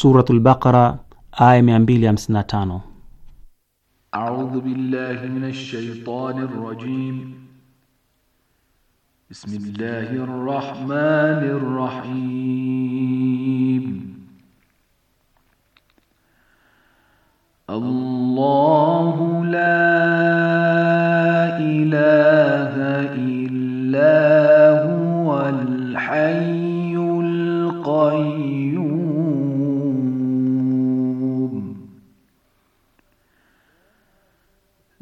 Suratul Baqara aya tano. A'udhu billahi minash shaitani rajim. Bismillahir rahmanir rahim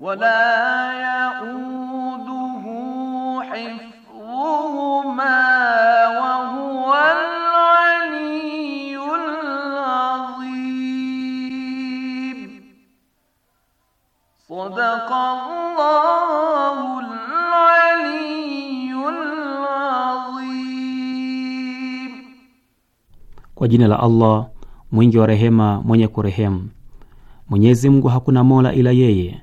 wala yauduhu hifdhuhuma wa huwa al-aliyyul azim. Sadaqallahu al-aliyyul azim. Kwa jina la Allah mwingi wa rehema mwenye kurehemu. Mwenyezi Mungu hakuna mola ila yeye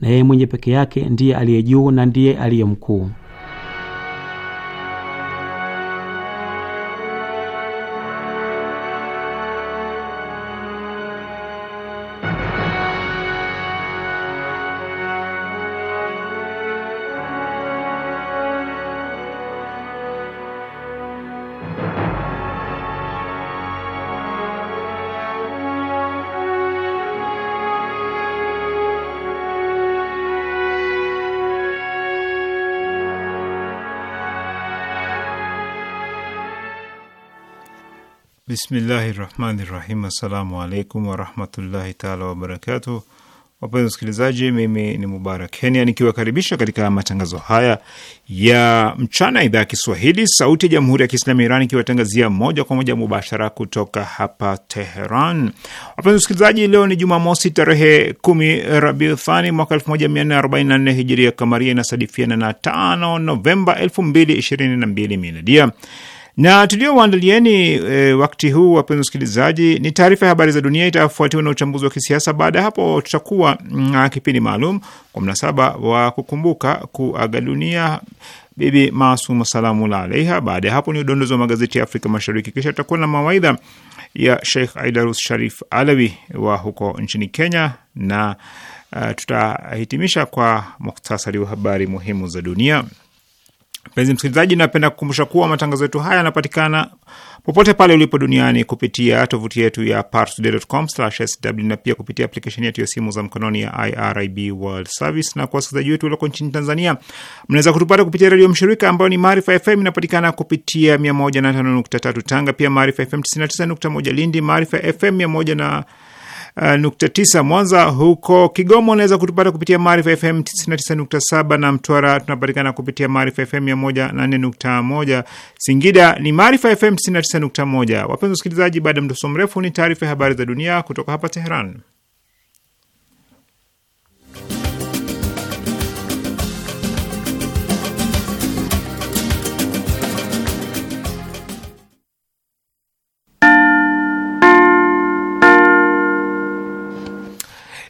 na yeye mwenye peke yake ndiye aliye juu na ndiye aliye mkuu. Bismillahi rahmani rahim. Assalamu alaikum warahmatullahi taala wabarakatuh. Wapenzi wasikilizaji, mimi ni Mubarak Kenya nikiwakaribisha katika matangazo haya ya mchana, idhaa ya Kiswahili sauti ya jamhuri ya Kiislamu ya Iran ikiwatangazia moja kwa moja mubashara kutoka hapa Teheran. Wapenzi wasikilizaji, leo ni Jumamosi tarehe kumi Rabiul Thani mwaka nne hijiria kamaria, inasadifiana na tano Novemba mbili miladia na tuliowaandalieni e, wakati huu wapenzi wasikilizaji, ni taarifa ya habari za dunia, itafuatiwa na uchambuzi wa kisiasa. Baada ya hapo, tutakuwa na kipindi maalum kwa mnasaba wa kukumbuka kuaga dunia Bibi Maasuma Salamullah alaiha. Baada ya hapo, ni udondozi wa magazeti ya Afrika Mashariki, kisha tutakuwa na mawaidha ya Sheikh Aidarus Sharif Alawi wa huko nchini Kenya, na uh, tutahitimisha kwa muktasari wa habari muhimu za dunia. Mpenzi msikilizaji, napenda kukumbusha kuwa matangazo yetu haya yanapatikana popote pale ulipo duniani kupitia tovuti yetu ya parstoday.com/sw na pia kupitia aplikesheni yetu ya simu za mkononi ya IRIB World Service. Na kwa wasikilizaji wetu walioko nchini Tanzania, mnaweza kutupata kupitia redio mshirika ambayo ni Maarifa FM, inapatikana kupitia 105.3 Tanga, pia Maarifa FM 99.1 Lindi, Maarifa FM 100 uh, nukta tisa Mwanza. Huko Kigoma unaweza kutupata kupitia Maarifa FM 99.7 na Mtwara tunapatikana kupitia Maarifa FM 104.1. Singida ni Maarifa FM 99.1. Wapenzi wasikilizaji, baada ya mtoso mrefu ni taarifa ya habari za dunia kutoka hapa Teheran.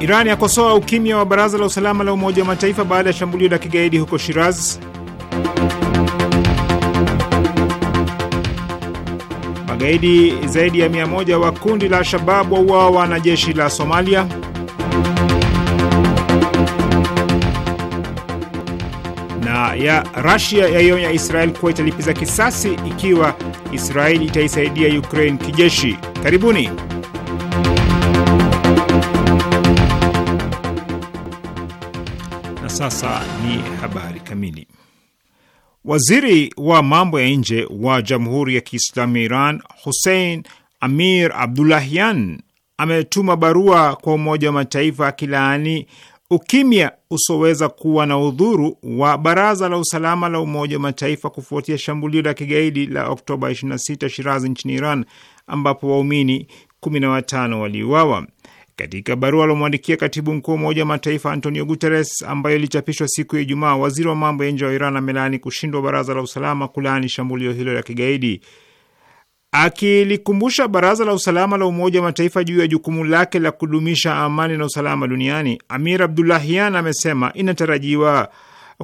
Iran yakosoa ukimya wa baraza la usalama la Umoja wa Mataifa baada ya shambulio la kigaidi huko Shiraz. Magaidi zaidi ya 100 wa kundi la Shabab wauawa na jeshi la Somalia. Na ya Rasia yaionya Israel kuwa italipiza kisasi ikiwa Israel itaisaidia Ukraine kijeshi. Karibuni. sasa ni habari kamili. Waziri wa mambo ya nje wa Jamhuri ya Kiislamu ya Iran Hussein Amir Abdullahian ametuma barua kwa Umoja wa Mataifa akilaani ukimya usioweza kuwa na udhuru wa Baraza la Usalama la Umoja wa Mataifa kufuatia shambulio la kigaidi la Oktoba 26 Shirazi nchini Iran ambapo waumini 15 waliuawa. Katika barua aliomwandikia katibu mkuu wa Umoja wa Mataifa Antonio Guterres, ambayo ilichapishwa siku ya Ijumaa, waziri wa mambo ya nje wa Iran amelaani kushindwa baraza la usalama kulaani shambulio hilo la kigaidi, akilikumbusha baraza la usalama la Umoja wa Mataifa juu ya jukumu lake la kudumisha amani na usalama duniani. Amir Abdullahian amesema inatarajiwa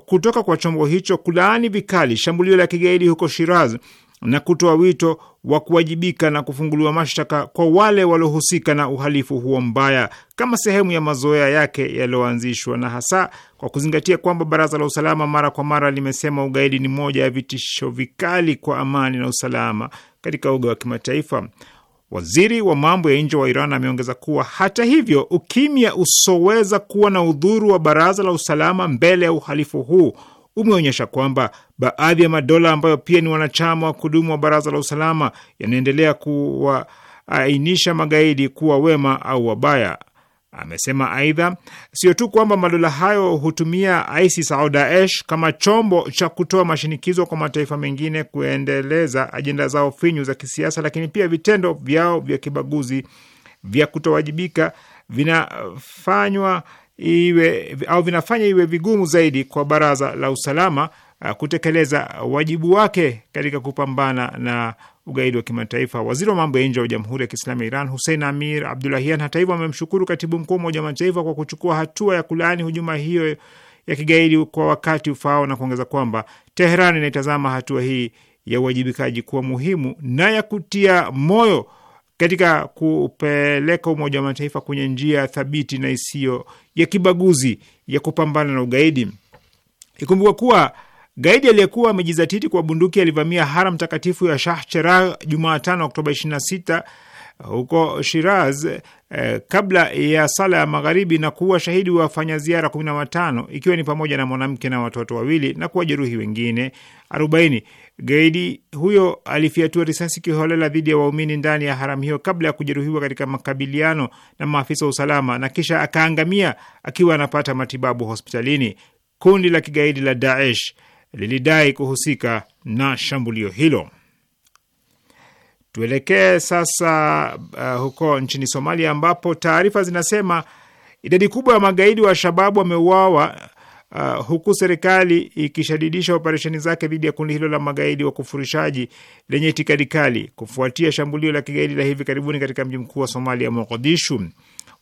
kutoka kwa chombo hicho kulaani vikali shambulio la kigaidi huko Shiraz na kutoa wito wa kuwajibika na kufunguliwa mashtaka kwa wale waliohusika na uhalifu huo mbaya kama sehemu ya mazoea yake yaliyoanzishwa, na hasa kwa kuzingatia kwamba Baraza la Usalama mara kwa mara limesema ugaidi ni moja ya vitisho vikali kwa amani na usalama katika uga wa kimataifa. Waziri wa mambo ya nje wa Iran ameongeza kuwa hata hivyo, ukimya usoweza kuwa na udhuru wa Baraza la Usalama mbele ya uhalifu huu umeonyesha kwamba baadhi ya madola ambayo pia ni wanachama wa kudumu wa Baraza la Usalama yanaendelea kuwaainisha magaidi kuwa wema au wabaya. Amesema aidha, sio tu kwamba madola hayo hutumia ISIS au Daesh kama chombo cha kutoa mashinikizo kwa mataifa mengine kuendeleza ajenda zao finyu za kisiasa, lakini pia vitendo vyao vya kibaguzi vya kutowajibika vinafanywa iwe au vinafanya iwe vigumu zaidi kwa baraza la usalama Uh, kutekeleza wajibu wake katika kupambana na ugaidi wa kimataifa. Waziri wa mambo ya nje wa Jamhuri ya Kiislamu ya Iran Hussein Amir Abdulahian, hata hivyo, amemshukuru katibu mkuu wa Umoja wa Mataifa kwa kuchukua hatua ya kulaani hujuma hiyo ya kigaidi kwa wakati ufaao na kuongeza kwamba Teheran inaitazama hatua hii ya uwajibikaji kuwa muhimu na ya kutia moyo katika kupeleka Umoja wa Mataifa kwenye njia thabiti na isiyo ya kibaguzi ya kupambana na ugaidi. Ikumbukwa kuwa Gaidi aliyekuwa amejizatiti kwa bunduki alivamia haram takatifu ya Shah Cheragh Jumatano, Oktoba 26 huko Shiraz eh, kabla ya sala ya magharibi na kuwa shahidi wa ziara 15 ikiwa ni pamoja na mwanamke na watoto wawili na kuwajeruhi wengine 40. Gaidi huyo alifiatua risasi kiholela dhidi ya waumini ndani ya haram hiyo kabla ya kujeruhiwa katika makabiliano na maafisa wa usalama na kisha akaangamia akiwa anapata matibabu hospitalini. Kundi la kigaidi la Daesh lilidai kuhusika na shambulio hilo. Tuelekee sasa uh, huko nchini Somalia ambapo taarifa zinasema idadi kubwa ya magaidi wa Shababu wameuawa uh, huku serikali ikishadidisha operesheni zake dhidi ya kundi hilo la magaidi wa kufurishaji lenye itikadi kali kufuatia shambulio la kigaidi la hivi karibuni katika mji mkuu wa Somalia, Mogadishu.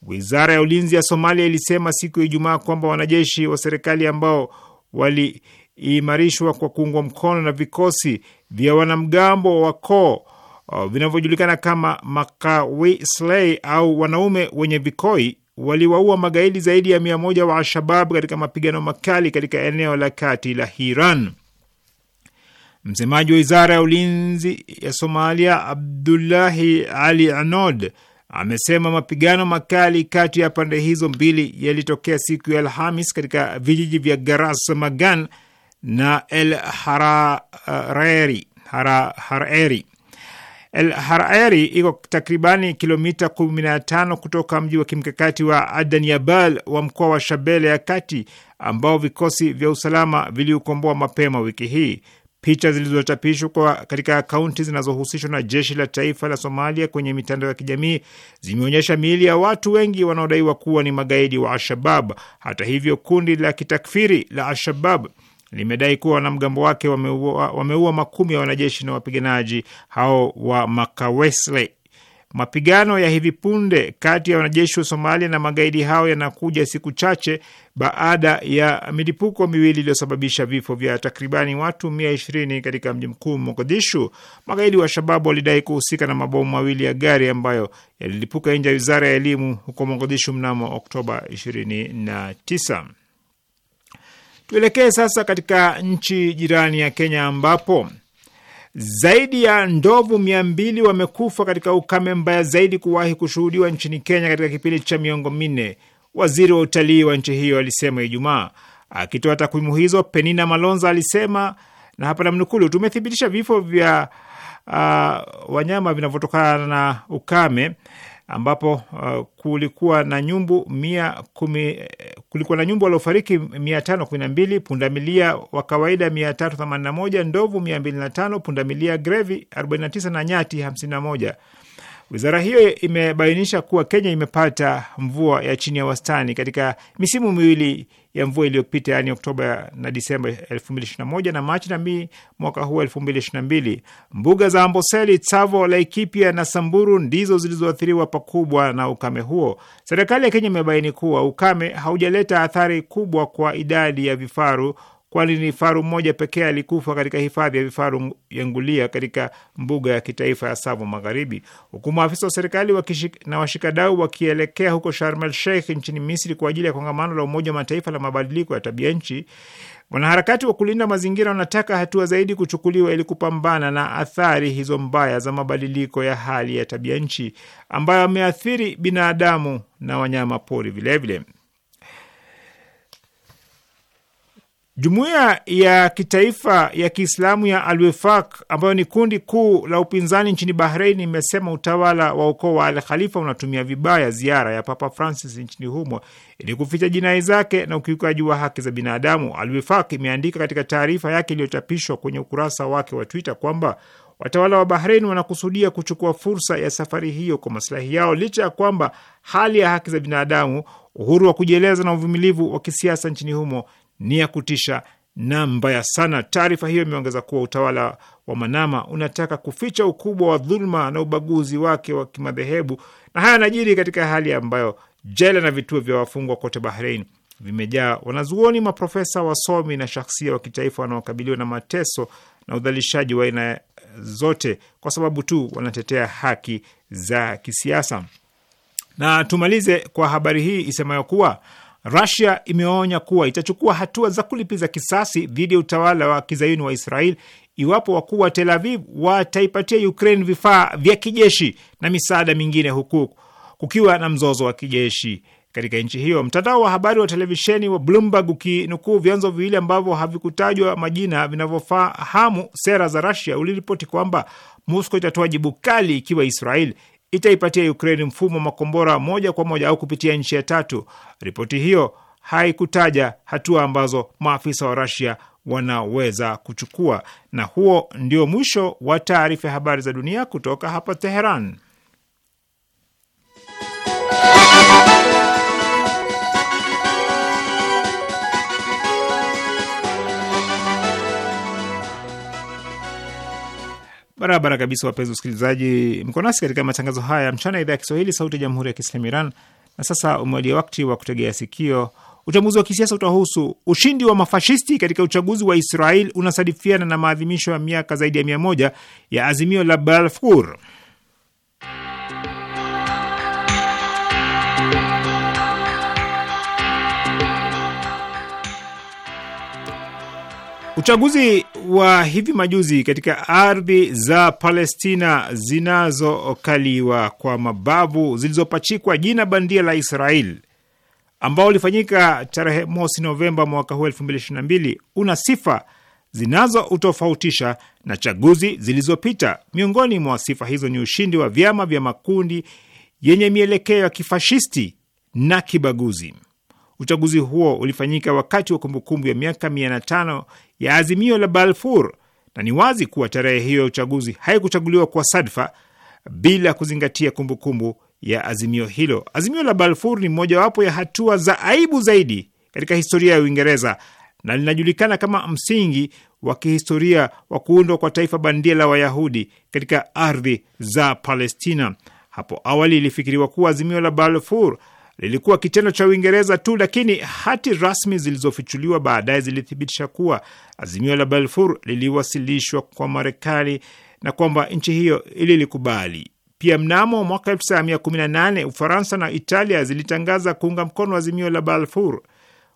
Wizara ya ulinzi ya Somalia ilisema siku ya Ijumaa kwamba wanajeshi wa serikali ambao wali imarishwa kwa kuungwa mkono na vikosi vya wanamgambo wa koo uh, vinavyojulikana kama Makawisley au wanaume wenye vikoi waliwaua magaidi zaidi ya mia moja wa Alshabab katika mapigano makali katika eneo la kati la Hiran. Msemaji wa wizara ya ulinzi ya Somalia, Abdullahi Ali Anod, amesema mapigano makali kati ya pande hizo mbili yalitokea siku ya Alhamis katika vijiji vya Garas Magan na El Harareri, Hara, Hareri. El Hareri iko takribani kilomita 15 kutoka mji wa kimkakati wa Adaniabal wa mkoa wa Shabele ya kati ambao vikosi vya usalama viliukomboa mapema wiki hii. Picha zilizochapishwa katika akaunti zinazohusishwa na jeshi la taifa la Somalia kwenye mitandao ya kijamii zimeonyesha miili ya watu wengi wanaodaiwa kuwa ni magaidi wa al-shabab Hata hivyo, kundi la kitakfiri la al-shabab limedai kuwa wanamgambo wake wameua, wameua makumi ya wanajeshi na wapiganaji hao wa Makawesle. Mapigano ya hivi punde kati ya wanajeshi wa Somalia na magaidi hao yanakuja siku chache baada ya milipuko miwili iliyosababisha vifo vya takribani watu mia ishirini katika mji mkuu Mogadishu. Magaidi wa Shababu walidai kuhusika na mabomu mawili ya gari ambayo yalilipuka nje ya wizara ya elimu huko Mogadishu mnamo Oktoba 29. Tuelekee sasa katika nchi jirani ya Kenya ambapo zaidi ya ndovu mia mbili wamekufa katika ukame mbaya zaidi kuwahi kushuhudiwa nchini Kenya katika kipindi cha miongo minne, waziri wa utalii wa nchi hiyo alisema Ijumaa. Akitoa takwimu hizo, Penina Malonza alisema na hapa namnukulu, tumethibitisha vifo vya uh, wanyama vinavyotokana na ukame ambapo uh, kulikuwa na nyumbu mia kumi, kulikuwa na nyumbu waliofariki mia tano kumi na mbili pundamilia wa kawaida mia tatu themanini na moja ndovu mia mbili na tano pundamilia grevi arobaini na tisa na nyati hamsini na moja. Wizara hiyo imebainisha kuwa Kenya imepata mvua ya chini ya wastani katika misimu miwili ya mvua iliyopita, yaani Oktoba na Disemba 2021 na Machi na Mei mwaka huu 2022. Mbuga za Amboseli, Tsavo, Laikipia na Samburu ndizo zilizoathiriwa pakubwa na ukame huo. Serikali ya Kenya imebaini kuwa ukame haujaleta athari kubwa kwa idadi ya vifaru kwani ni faru mmoja pekee alikufa katika hifadhi ya vifaru ya Ngulia katika mbuga ya kitaifa ya Savo Magharibi, huku maafisa wa serikali na washikadau wakielekea huko Sharm el Sheikh nchini Misri kwa ajili ya kongamano la Umoja wa Mataifa la mabadiliko ya tabia nchi. Wanaharakati wa kulinda mazingira wanataka hatua zaidi kuchukuliwa ili kupambana na athari hizo mbaya za mabadiliko ya hali ya tabia nchi ambayo ameathiri binadamu na wanyama pori vilevile vile. Jumuiya ya kitaifa ya Kiislamu ya Alwefaq ambayo ni kundi kuu la upinzani nchini Bahrein imesema utawala wa ukoo wa Al Khalifa unatumia vibaya ziara ya Papa Francis nchini humo ili kuficha jinai zake na ukiukaji wa haki za binadamu. Alwefaq imeandika katika taarifa yake iliyochapishwa kwenye ukurasa wake wa Twitter kwamba watawala wa Bahrein wanakusudia kuchukua fursa ya safari hiyo kwa masilahi yao, licha ya kwamba hali ya haki za binadamu, uhuru wa kujieleza na uvumilivu wa kisiasa nchini humo ni ya kutisha na mbaya sana. Taarifa hiyo imeongeza kuwa utawala wa Manama unataka kuficha ukubwa wa dhuluma na ubaguzi wake wa kimadhehebu, na haya yanajiri katika hali ambayo jela na vituo vya wafungwa kote Bahrein vimejaa wanazuoni, maprofesa, wasomi na shahsia wa kitaifa wanaokabiliwa na mateso na udhalishaji wa aina zote kwa sababu tu wanatetea haki za kisiasa. Na tumalize kwa habari hii isemayo kuwa Rusia imeonya kuwa itachukua hatua za kulipiza kisasi dhidi ya utawala wa kizayuni wa Israel iwapo wakuu wa Tel Aviv wataipatia Ukraine vifaa vya kijeshi na misaada mingine, huku kukiwa na mzozo wa kijeshi katika nchi hiyo. Mtandao wa habari wa televisheni wa Bloomberg ukinukuu vyanzo viwili ambavyo havikutajwa majina vinavyofahamu sera za Rusia uliripoti kwamba Moscow itatoa jibu kali ikiwa Israel itaipatia Ukraine mfumo wa makombora moja kwa moja au kupitia nchi ya tatu. Ripoti hiyo haikutaja hatua ambazo maafisa wa Rasia wanaweza kuchukua. Na huo ndio mwisho wa taarifa ya habari za dunia kutoka hapa Teheran. Barabara kabisa, wapenzi wasikilizaji, mko nasi katika matangazo haya mchana, idhaa ya Kiswahili, sauti ya jamhuri ya kiislamu Iran. Na sasa umewadia wakati wa kutegea sikio. Uchambuzi wa kisiasa utahusu ushindi wa mafashisti katika uchaguzi wa Israel unasadifiana na maadhimisho ya miaka zaidi ya mia moja ya azimio la Balfour. Uchaguzi wa hivi majuzi katika ardhi za Palestina zinazokaliwa kwa mabavu zilizopachikwa jina bandia la Israel ambao ulifanyika tarehe mosi Novemba mwaka huu 2022 una sifa zinazoutofautisha na chaguzi zilizopita. Miongoni mwa sifa hizo ni ushindi wa vyama vya makundi yenye mielekeo ya kifashisti na kibaguzi. Uchaguzi huo ulifanyika wakati wa kumbukumbu ya miaka ya azimio la Balfour, na ni wazi kuwa tarehe hiyo ya uchaguzi haikuchaguliwa kwa sadfa bila kuzingatia kumbukumbu kumbu ya azimio hilo. Azimio la Balfour ni mojawapo ya hatua za aibu zaidi katika historia ya Uingereza na linajulikana kama msingi wa kihistoria wa kuundwa kwa taifa bandia la Wayahudi katika ardhi za Palestina. Hapo awali ilifikiriwa kuwa azimio la Balfour lilikuwa kitendo cha Uingereza tu, lakini hati rasmi zilizofichuliwa baadaye zilithibitisha kuwa azimio la Balfour liliwasilishwa kwa Marekani na kwamba nchi hiyo ililikubali. Pia mnamo mwaka 1918 Ufaransa na Italia zilitangaza kuunga mkono azimio la Balfour.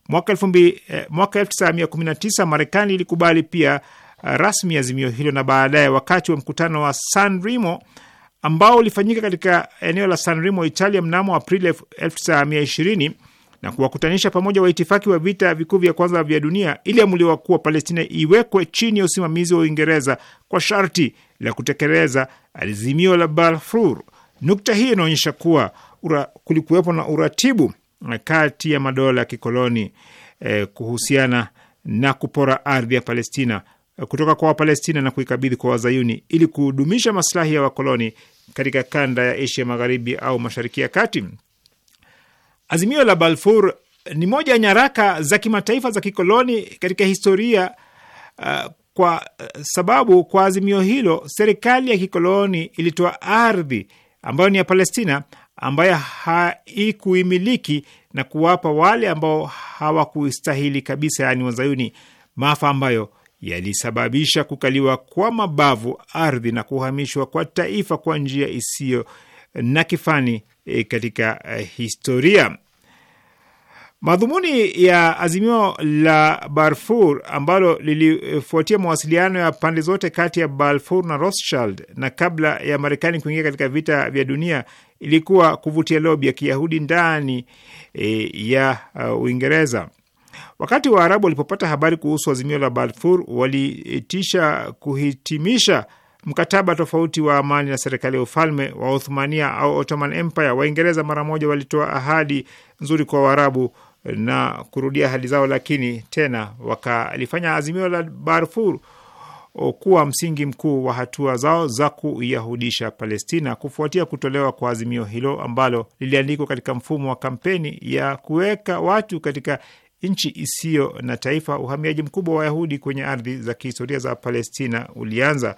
Mwaka 1919 eh, Marekani ilikubali pia eh, rasmi azimio hilo, na baadaye wakati wa mkutano wa San Remo ambao ulifanyika katika eneo la Remo, Italia mnamo Aprili 1920 na kuwakutanisha pamoja waitifaki wa vita vikuu vya kwanza vya dunia, iliamuliwa kuwa Palestina iwekwe chini ya usimamizi wa Uingereza kwa sharti la kutekeleza azimio la Balfour. Nukta hii inaonyesha kuwa kulikuwepo na uratibu kati ya madola ya kikoloni eh, kuhusiana na kupora ardhi ya Palestina kutoka kwa Wapalestina na kuikabidhi kwa Wazayuni ili kudumisha maslahi ya wakoloni katika kanda ya Asia Magharibi au Mashariki ya Kati. Azimio la Balfour ni moja ya nyaraka za kimataifa za kikoloni katika historia uh, kwa uh, sababu kwa azimio hilo serikali ya kikoloni ilitoa ardhi ambayo ni ya Palestina ambayo haikuimiliki na kuwapa wale ambao hawakustahili kabisa, yaani Wazayuni, maafa ambayo yalisababisha kukaliwa kwa mabavu ardhi na kuhamishwa kwa taifa kwa njia isiyo na kifani e, katika e, historia. Madhumuni ya azimio la Balfour ambalo lilifuatia mawasiliano ya pande zote kati ya Balfour na Rothschild na kabla ya Marekani kuingia katika vita vya dunia ilikuwa kuvutia lobi ya Kiyahudi ndani e, ya e, Uingereza. Wakati wa arabu walipopata habari kuhusu azimio la Balfour, waliitisha kuhitimisha mkataba tofauti wa amani na serikali ya ufalme wa Uthmania au Ottoman Empire. Waingereza mara moja walitoa ahadi nzuri kwa Waarabu na kurudia ahadi zao, lakini tena wakalifanya azimio la Balfour kuwa msingi mkuu wa hatua zao za kuyahudisha Palestina. Kufuatia kutolewa kwa azimio hilo ambalo liliandikwa katika mfumo wa kampeni ya kuweka watu katika nchi isiyo na taifa, uhamiaji mkubwa wa Wayahudi kwenye ardhi za kihistoria za Palestina ulianza.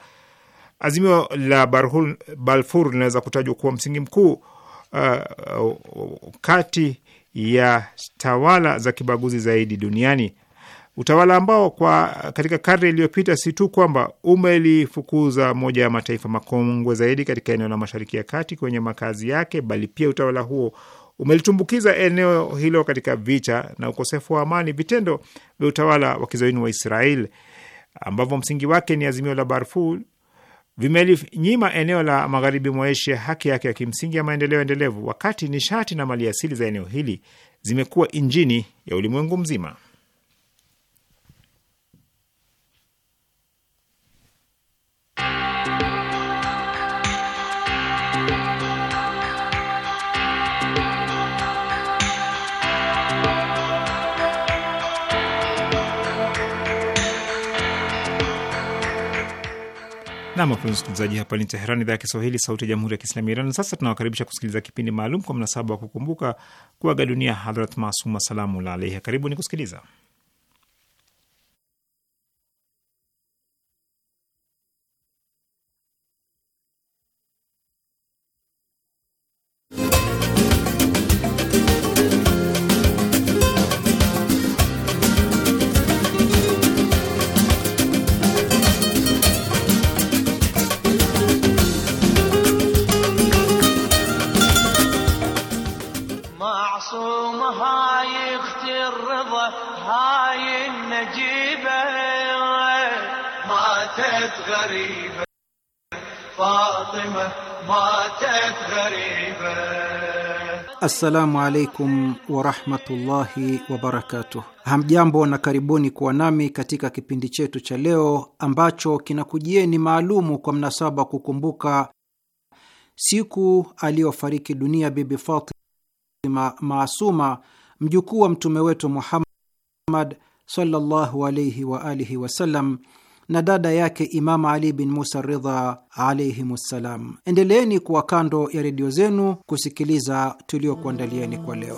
Azimio la Barhul, Balfour linaweza kutajwa kuwa msingi mkuu uh, kati ya tawala za kibaguzi zaidi duniani, utawala ambao kwa katika karne iliyopita si tu kwamba umelifukuza moja ya mataifa makongwe zaidi katika eneo la Mashariki ya Kati kwenye makazi yake, bali pia utawala huo umelitumbukiza eneo hilo katika vita na ukosefu wa amani. Vitendo vya utawala wa kizayuni wa Israel ambavyo msingi wake ni azimio la Barfur vimelinyima eneo la magharibi mwa Asia haki yake ya kimsingi ya maendeleo endelevu, wakati nishati na maliasili za eneo hili zimekuwa injini ya ulimwengu mzima. na wapenzi msikilizaji, hapa ni Teherani, idhaa ya Kiswahili, sauti ya jamhuri ya kiislamu ya Iran. Sasa tunawakaribisha kusikiliza kipindi maalum kwa mnasaba wa kukumbuka kuaga dunia Hadhrat Masuma Salamullah alaihi. ni kusikiliza. معصوم هاي اختي الرضا هاي النجيبة ماتت غريبة فاطمة ماتت غريبة Assalamu alaikum warahmatullahi wabarakatuh. Hamjambo na karibuni kuwa nami katika kipindi chetu cha leo ambacho kinakujieni maalumu kwa mnasaba kukumbuka siku aliyofariki dunia Bibi Fatima ma maasuma mjukuu wa mtume wetu Muhammad sallallahu alayhi wa alihi wasallam na dada yake Imam Ali bin Musa Ridha ssalam. Endeleeni kuwa kando ya redio zenu kusikiliza tuliokuandalieni kwa leo.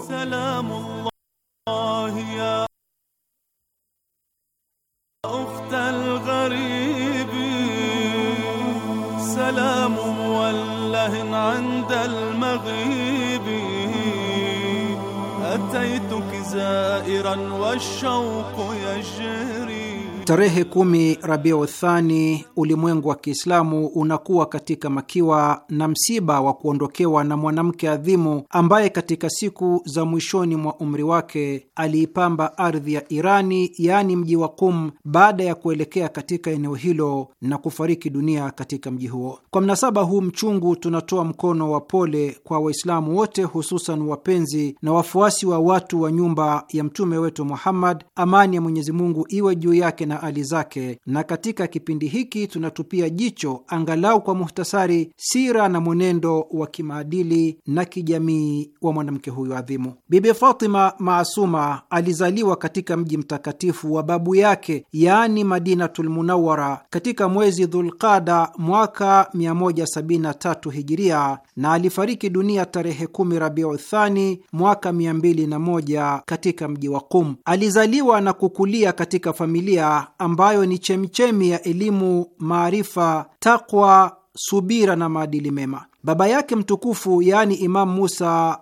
أتيتك زائرا والشوق يجري Tarehe kumi Rabia Uthani, ulimwengu wa Kiislamu unakuwa katika makiwa na msiba wa kuondokewa na mwanamke adhimu ambaye katika siku za mwishoni mwa umri wake aliipamba ardhi ya Irani, yaani mji wa Kum, baada ya kuelekea katika eneo hilo na kufariki dunia katika mji huo. Kwa mnasaba huu mchungu, tunatoa mkono wa pole kwa Waislamu wote, hususan wapenzi na wafuasi wa watu wa nyumba ya mtume wetu Muhammad, amani ya Mwenyezi Mungu iwe juu yake na ali zake, na katika kipindi hiki tunatupia jicho angalau kwa muhtasari sira na mwenendo wa kimaadili na kijamii wa mwanamke huyu adhimu. Bibi Fatima Maasuma alizaliwa katika mji mtakatifu wa babu yake, yaani Madinatul Munawara, katika mwezi Dhulqada mwaka 173 Hijiria, na alifariki dunia tarehe 10 Rabiu Thani mwaka 201 katika mji wa Qum. Alizaliwa na kukulia katika familia ambayo ni chemchemi ya elimu, maarifa, takwa, subira na maadili mema. Baba yake mtukufu yaani Imamu Musa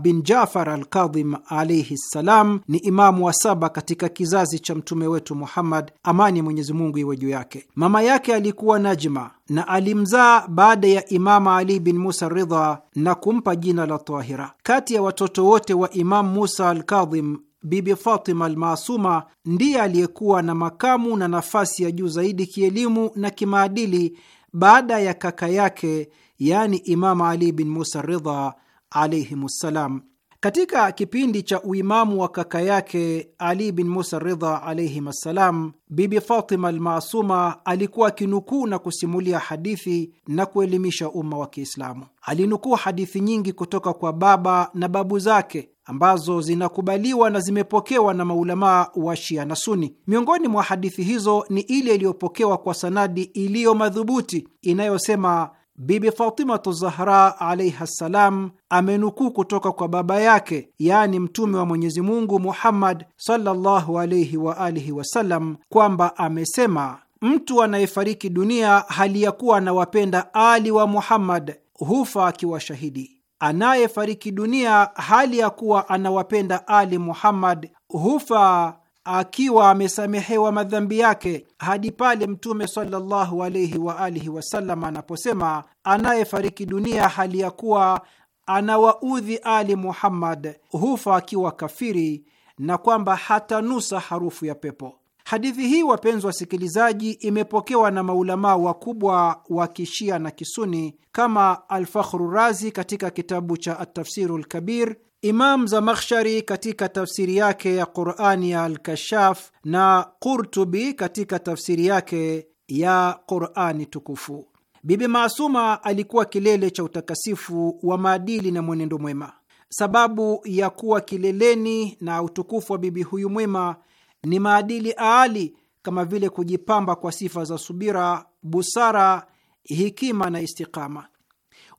bin Jafar al Kadhim alaihi ssalam ni imamu wa saba katika kizazi cha mtume wetu Muhammad, amani ya Mwenyezi Mungu iwe juu yake. Mama yake alikuwa Najma na alimzaa baada ya Imamu Ali bin Musa Ridha na kumpa jina la Tahira. Kati ya watoto wote wa Imamu Musa al Kadhim Bibi Fatima Almasuma ndiye aliyekuwa na makamu na nafasi ya juu zaidi kielimu na kimaadili baada ya kaka yake, yaani Imam Ali bin Musa Ridha alayhim ssalam. Katika kipindi cha uimamu wa kaka yake Ali bin Musa Ridha alaihim assalam, Bibi Fatima Almasuma alikuwa akinukuu na kusimulia hadithi na kuelimisha umma wa Kiislamu. Alinukuu hadithi nyingi kutoka kwa baba na babu zake ambazo zinakubaliwa na zimepokewa na maulamaa wa Shia na Suni. Miongoni mwa hadithi hizo ni ile iliyopokewa kwa sanadi iliyo madhubuti inayosema Bibi Fatimatu Zahra alaiha ssalam amenukuu kutoka kwa baba yake, yaani Mtume wa Mwenyezi Mungu Muhammad sallallahu alaihi wasallam kwamba amesema, mtu anayefariki dunia hali ya kuwa anawapenda Ali wa Muhammad hufa akiwa shahidi. Anayefariki dunia hali ya kuwa anawapenda Ali Muhammad hufa akiwa amesamehewa madhambi yake hadi pale Mtume sallallahu alaihi wa alihi wasallam anaposema, anayefariki dunia hali ya kuwa anawaudhi Ali Muhammad hufa akiwa kafiri, na kwamba hatanusa harufu ya pepo. Hadithi hii, wapenzi wasikilizaji, imepokewa na maulamaa wakubwa wa kishia na kisuni kama Alfakhru Razi katika kitabu cha Atafsiru Lkabir, Imam Zamakhshari katika tafsiri yake ya Qurani ya alkashaf na Qurtubi katika tafsiri yake ya Qurani Tukufu. Bibi Maasuma alikuwa kilele cha utakasifu wa maadili na mwenendo mwema. Sababu ya kuwa kileleni na utukufu wa bibi huyu mwema ni maadili aali kama vile kujipamba kwa sifa za subira, busara, hikima na istikama.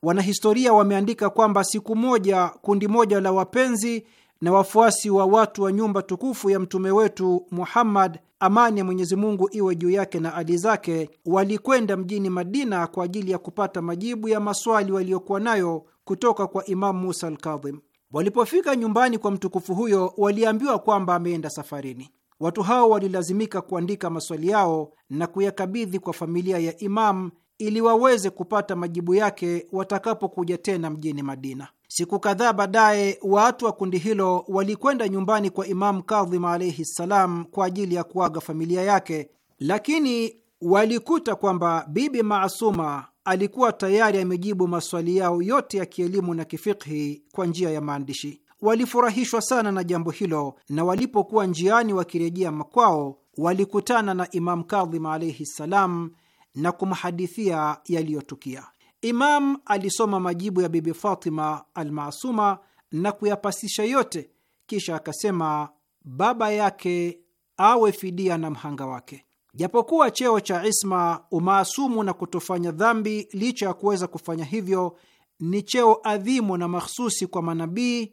Wanahistoria wameandika kwamba siku moja kundi moja la wapenzi na wafuasi wa watu wa nyumba tukufu ya mtume wetu Muhammad, amani ya Mwenyezi Mungu iwe juu yake na ali zake, walikwenda mjini Madina kwa ajili ya kupata majibu ya maswali waliyokuwa nayo kutoka kwa Imamu Musa Alkadhim. Walipofika nyumbani kwa mtukufu huyo, waliambiwa kwamba ameenda safarini. Watu hao walilazimika kuandika maswali yao na kuyakabidhi kwa familia ya Imamu ili waweze kupata majibu yake watakapokuja tena mjini Madina. Siku kadhaa baadaye, watu wa kundi hilo walikwenda nyumbani kwa Imamu Kadhim alaihi ssalam kwa ajili ya kuaga familia yake, lakini walikuta kwamba Bibi Maasuma alikuwa tayari amejibu maswali yao yote ya kielimu na kifikhi kwa njia ya maandishi. Walifurahishwa sana na jambo hilo, na walipokuwa njiani wakirejea makwao walikutana na Imamu Kadhim alaihi ssalam na kumhadithia yaliyotukia. Imam alisoma majibu ya Bibi Fatima Almasuma na kuyapasisha yote, kisha akasema baba yake awe fidia na mhanga wake. Japokuwa cheo cha isma, umaasumu na kutofanya dhambi, licha ya kuweza kufanya hivyo, ni cheo adhimu na mahsusi kwa manabii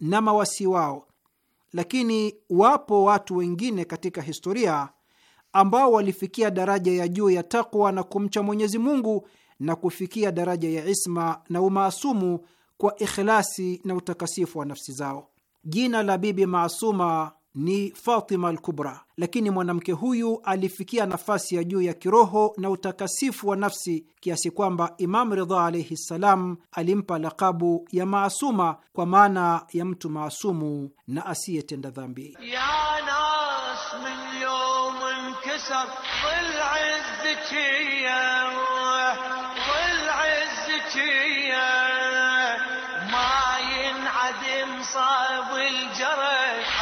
na mawasi wao, lakini wapo watu wengine katika historia ambao walifikia daraja ya juu ya takwa na kumcha Mwenyezi Mungu na kufikia daraja ya isma na umaasumu kwa ikhlasi na utakasifu wa nafsi zao. Jina la Bibi Maasuma ni Fatima Alkubra, lakini mwanamke huyu alifikia nafasi ya juu ya kiroho na utakasifu wa nafsi kiasi kwamba Imam Ridha alaihi ssalam alimpa lakabu ya Maasuma kwa maana ya mtu maasumu na asiyetenda dhambi ya الحسن ظل عزكية ظل ما ينعدم الجرح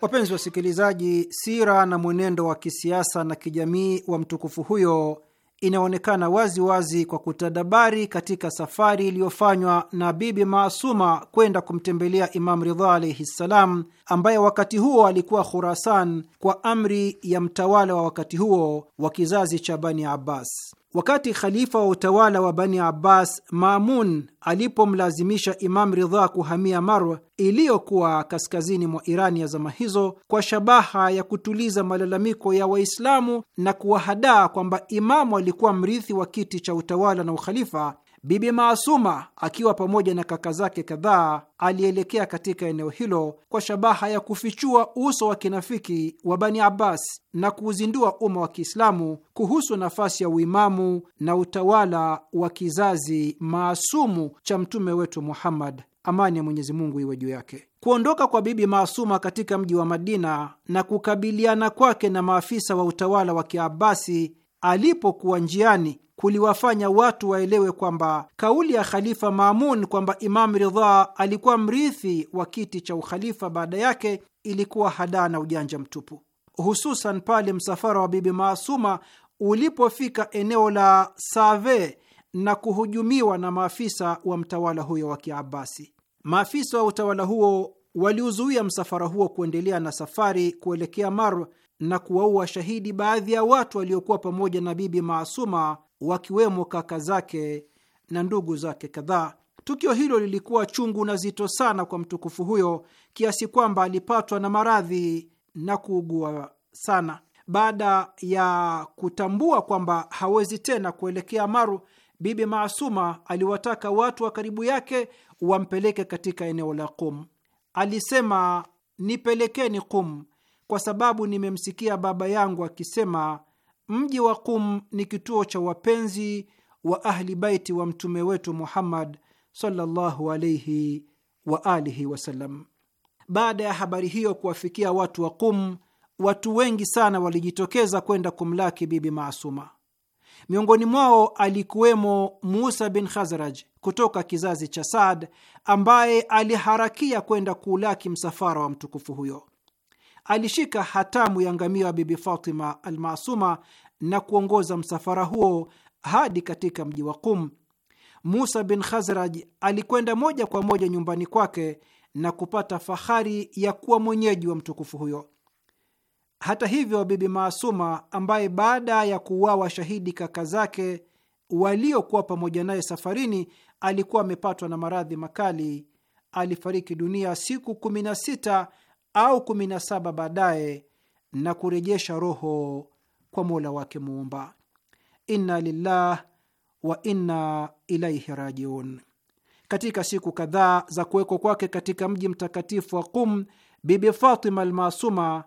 Wapenzi wasikilizaji, sira na mwenendo wa kisiasa na kijamii wa mtukufu huyo inaonekana wazi wazi kwa kutadabari katika safari iliyofanywa na Bibi Maasuma kwenda kumtembelea Imam Ridha alaihi ssalam, ambaye wakati huo alikuwa Khurasan kwa amri ya mtawala wa wakati huo wa kizazi cha Bani Abbas. Wakati khalifa wa utawala wa Bani Abbas Mamun alipomlazimisha Imam Ridha kuhamia Marwa iliyokuwa kaskazini mwa Irani ya zama hizo kwa shabaha ya kutuliza malalamiko ya Waislamu na kuwahadaa kwamba Imamu alikuwa mrithi wa kiti cha utawala na ukhalifa, Bibi Maasuma akiwa pamoja na kaka zake kadhaa alielekea katika eneo hilo kwa shabaha ya kufichua uso wa kinafiki wa Bani Abbas na kuuzindua umma wa Kiislamu kuhusu nafasi ya uimamu na utawala wa kizazi maasumu cha mtume wetu Muhammad, amani ya Mwenyezi Mungu iwe juu yake. Kuondoka kwa Bibi Maasuma katika mji wa Madina na kukabiliana kwake na maafisa wa utawala wa Kiabasi alipokuwa njiani kuliwafanya watu waelewe kwamba kauli ya Khalifa Maamun kwamba Imam Ridha alikuwa mrithi wa kiti cha ukhalifa baada yake ilikuwa hadaa na ujanja mtupu, hususan pale msafara wa Bibi Maasuma ulipofika eneo la Save na kuhujumiwa na maafisa wa mtawala huyo wa Kiabasi. Maafisa wa utawala huo waliuzuia msafara huo kuendelea na safari kuelekea Marw na kuwaua shahidi baadhi ya watu waliokuwa pamoja na Bibi Maasuma wakiwemo kaka zake na ndugu zake kadhaa. Tukio hilo lilikuwa chungu na zito sana kwa mtukufu huyo kiasi kwamba alipatwa na maradhi na kuugua sana. Baada ya kutambua kwamba hawezi tena kuelekea Maru, Bibi Maasuma aliwataka watu wa karibu yake wampeleke katika eneo la Kum. Alisema, nipelekeni Kum kwa sababu nimemsikia baba yangu akisema Mji wa Qum ni kituo cha wapenzi wa Ahli Baiti wa mtume wetu Muhammad sallallahu alaihi wa alihi wasallam. Baada ya habari hiyo kuwafikia watu wa Qum, watu wengi sana walijitokeza kwenda kumlaki Bibi Maasuma. Miongoni mwao alikuwemo Musa bin Khazraj kutoka kizazi cha Saad ambaye aliharakia kwenda kuulaki msafara wa mtukufu huyo alishika hatamu ya ngamia wa Bibi Fatima Almasuma na kuongoza msafara huo hadi katika mji wa Qum. Musa bin Khazraj alikwenda moja kwa moja nyumbani kwake na kupata fahari ya kuwa mwenyeji wa mtukufu huyo. Hata hivyo, Bibi Maasuma ambaye baada ya kuuawa shahidi kaka zake waliokuwa pamoja naye safarini alikuwa amepatwa na maradhi makali, alifariki dunia siku kumi na sita au kumi na saba baadaye na kurejesha roho kwa Mola wake Muumba. Inna lillah wa inna ilaihi rajiun. Katika siku kadhaa za kuwekwa kwake katika mji mtakatifu wa Qum, Bibi Fatima Almasuma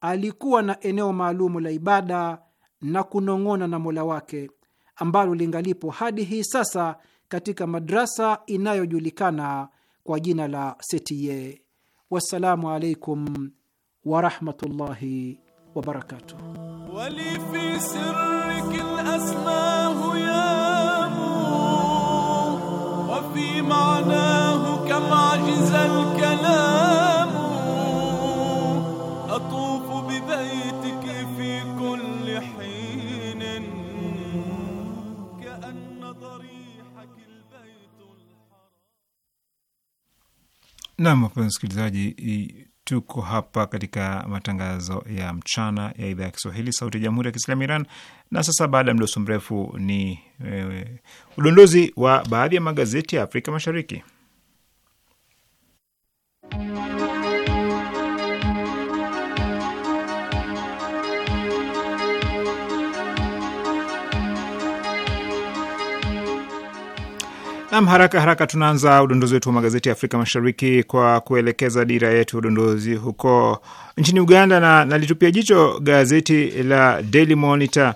alikuwa na eneo maalumu la ibada na kunong'ona na Mola wake ambalo lingalipo hadi hii sasa katika madrasa inayojulikana kwa jina la Setiye. wassalamu alaikum warahmatullahi wabarakatuh. في معناه كم عجز الكلام Nam, wapenzi msikilizaji, tuko hapa katika matangazo ya mchana ya idhaa ya Kiswahili sauti ya jamhuri ya kiislamu Iran. Na sasa baada ya mdoso mrefu ni e, udondozi wa baadhi ya magazeti ya Afrika Mashariki. Nam, haraka haraka tunaanza udondozi wetu wa magazeti ya Afrika Mashariki kwa kuelekeza dira yetu ya udondozi huko nchini Uganda, na nalitupia jicho gazeti la Daily Monitor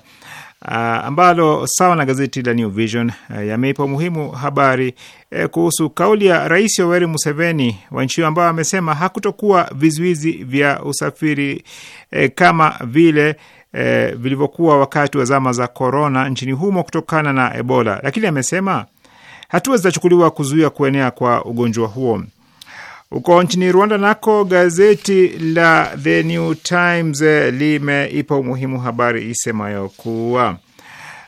uh, ambalo sawa na gazeti la New Vision uh, yameipa umuhimu habari eh, kuhusu kauli ya Rais Yoweri Museveni wa nchi hiyo ambayo amesema hakutokuwa vizuizi vya usafiri eh, kama vile eh, vilivyokuwa wakati wa zama za korona nchini humo kutokana na Ebola, lakini amesema hatua zitachukuliwa kuzuia kuenea kwa ugonjwa huo. huko nchini Rwanda nako gazeti la The New Times eh, limeipa umuhimu habari isemayo kuwa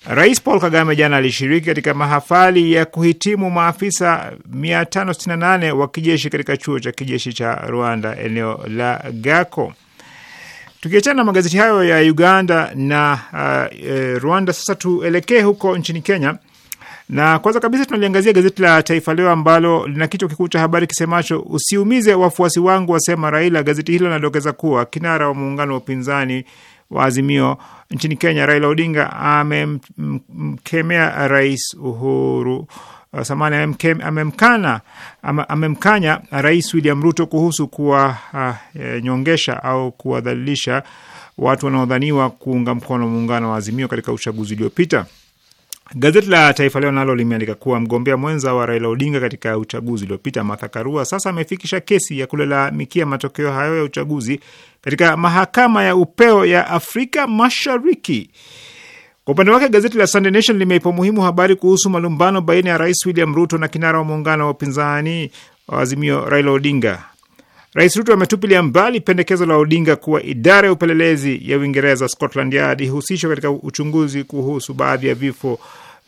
Rais Paul Kagame jana alishiriki katika mahafali ya kuhitimu maafisa 568 wa kijeshi katika chuo cha kijeshi cha Rwanda eneo la Gako. Tukiachana na magazeti hayo ya Uganda na uh, e, Rwanda, sasa tuelekee huko nchini Kenya na kwanza kabisa tunaliangazia gazeti la Taifa Leo ambalo lina kichwa kikuu cha habari kisemacho usiumize wafuasi wangu, wasema Raila. Gazeti hilo linadokeza kuwa kinara wa muungano wa upinzani wa Azimio nchini Kenya, Raila Odinga amemkemea Rais Uhuru uh, samani amemkana amemkanya Rais William Ruto kuhusu kuwanyongesha uh, eh, au kuwadhalilisha watu wanaodhaniwa kuunga mkono muungano wa Azimio katika uchaguzi uliopita. Gazeti la Taifa Leo nalo limeandika kuwa mgombea mwenza wa Raila Odinga katika uchaguzi uliopita Martha Karua sasa amefikisha kesi ya kulalamikia matokeo hayo ya uchaguzi katika mahakama ya upeo ya Afrika Mashariki. Kwa upande wake gazeti la Sunday Nation limeipa umuhimu habari kuhusu malumbano baina ya Rais William Ruto na kinara wa muungano wa upinzani wa Azimio Raila Odinga. Rais Ruto ametupilia mbali pendekezo la Odinga kuwa idara ya upelelezi ya Uingereza Scotland Yard ihusishwe katika uchunguzi kuhusu baadhi ya vifo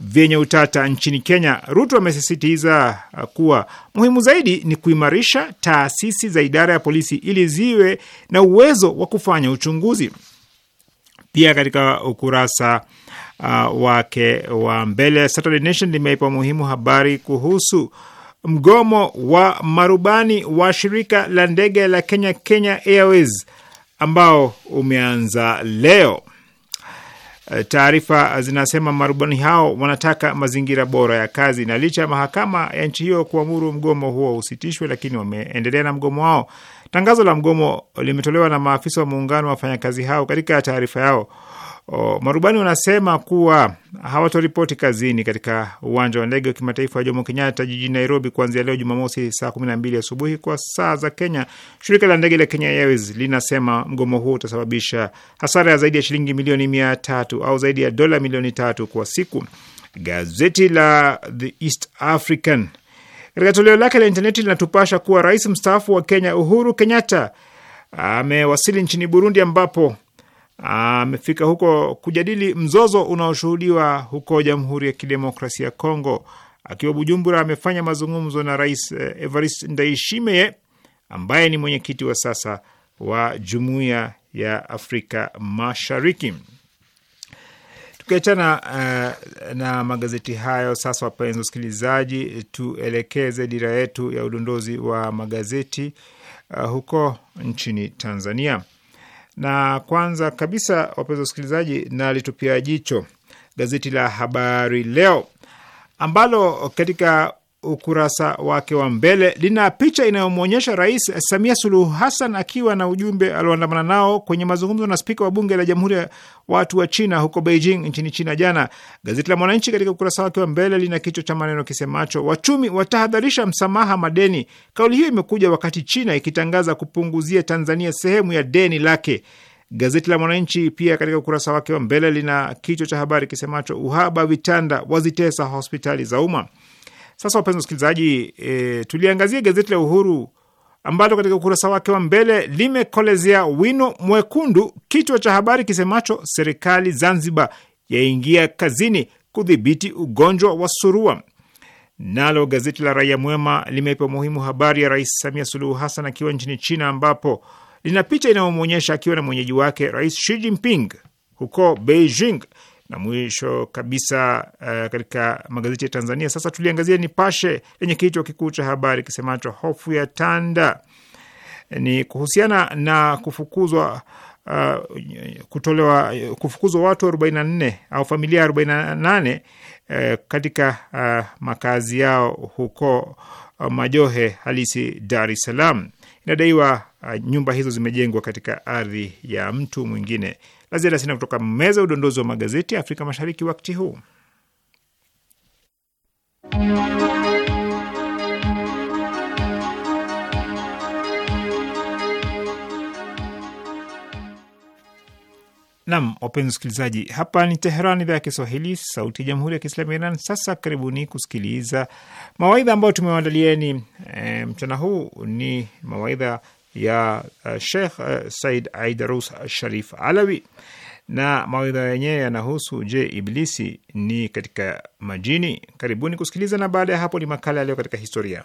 vyenye utata nchini Kenya. Ruto amesisitiza kuwa muhimu zaidi ni kuimarisha taasisi za idara ya polisi ili ziwe na uwezo wa kufanya uchunguzi. Pia katika ukurasa uh, wake wa mbele Saturday Nation limeipa muhimu habari kuhusu mgomo wa marubani wa shirika la ndege la Kenya, Kenya Airways, ambao umeanza leo. Eh, taarifa zinasema marubani hao wanataka mazingira bora ya kazi, na licha ya mahakama ya nchi hiyo kuamuru mgomo huo usitishwe, lakini wameendelea na mgomo wao. Tangazo la mgomo limetolewa na maafisa wa muungano wa wafanyakazi hao. Katika taarifa yao marubani wanasema kuwa hawatoripoti kazini katika uwanja wa ndege wa kimataifa wa Jomo Kenyatta jijini Nairobi kuanzia leo Jumamosi saa 12 asubuhi kwa saa za Kenya. Shirika la ndege la Kenya Airways linasema mgomo huo utasababisha hasara ya zaidi ya shilingi milioni mia tatu au zaidi ya dola milioni tatu kwa siku. Gazeti la The East African katika toleo lake la intaneti linatupasha kuwa rais mstaafu wa Kenya Uhuru Kenyatta amewasili nchini Burundi ambapo amefika huko kujadili mzozo unaoshuhudiwa huko Jamhuri ya Kidemokrasia ya Kongo. Akiwa Bujumbura, amefanya mazungumzo na Rais eh, evarist Ndayishimiye ambaye ni mwenyekiti wa sasa wa Jumuiya ya Afrika Mashariki. Tukiachana uh, na magazeti hayo sasa, wapenzi wasikilizaji, tuelekeze dira yetu ya udondozi wa magazeti uh, huko nchini Tanzania na kwanza kabisa, wapenzi wasikilizaji, nalitupia jicho gazeti la Habari Leo ambalo katika ukurasa wake wa mbele lina picha inayomwonyesha Rais Samia Suluhu Hassan akiwa na ujumbe alioandamana nao kwenye mazungumzo na spika wa bunge la Jamhuri ya Watu wa China huko Beijing nchini China jana. Gazeti la Mwananchi katika ukurasa wake wa mbele lina kichwa cha maneno kisemacho wachumi watahadharisha msamaha madeni. Kauli hiyo imekuja wakati China ikitangaza kupunguzia Tanzania sehemu ya deni lake. Gazeti la Mwananchi pia katika ukurasa wake wa mbele lina kichwa cha habari kisemacho uhaba vitanda wazitesa hospitali za umma. Sasa wapenzi wasikilizaji, e, tuliangazia gazeti la Uhuru ambalo katika ukurasa wake wa mbele limekolezea wino mwekundu kichwa cha habari kisemacho serikali Zanzibar yaingia kazini kudhibiti ugonjwa wa surua. Nalo gazeti la Raia Mwema limeipa umuhimu habari ya Rais Samia Suluhu Hassan akiwa nchini China, ambapo lina picha inayomwonyesha akiwa na mwenyeji wake Rais Xi Jinping huko Beijing na mwisho kabisa uh, katika magazeti ya Tanzania sasa tuliangazia Nipashe lenye kichwa kikuu cha habari kisemacho hofu ya Tanda ni kuhusiana na kufukuzwa uh, kutolewa kufukuzwa watu 44 au familia 48 uh, eh, katika uh, makazi yao huko uh, Majohe halisi Dar es Salaam. Inadaiwa uh, nyumba hizo zimejengwa katika ardhi ya mtu mwingine ziada sina kutoka meza udondozi wa magazeti ya Afrika Mashariki wakati huu. Nam, wapenzi wasikilizaji, hapa ni Teheran, idhaa ya Kiswahili, sauti ya jamhuri ya kiislamu ya Iran. Sasa karibuni kusikiliza mawaidha ambayo tumewaandalieni e, eh, mchana huu ni mawaidha ya Sheikh Said Aidarus Sharif Alawi, na mawaidha yenyewe yanahusu je, iblisi ni katika majini? Karibuni kusikiliza, na baada ya hapo ni makala yaliyo katika historia.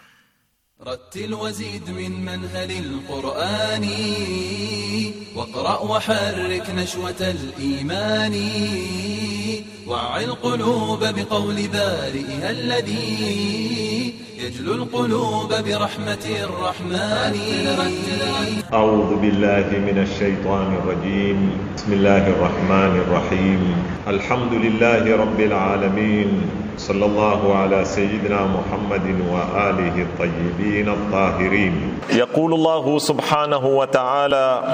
رتل وزيد من منهل القرآن واقرأ وحرك نشوة الإيمان وعي القلوب بقول بارئها الذي يجلو القلوب برحمة الرحمن أعوذ بالله من الشيطان الرجيم بسم الله الرحمن الرحيم الحمد لله رب العالمين صلى الله على سيدنا محمد وآله الطيبين الطاهرين يقول الله سبحانه وتعالى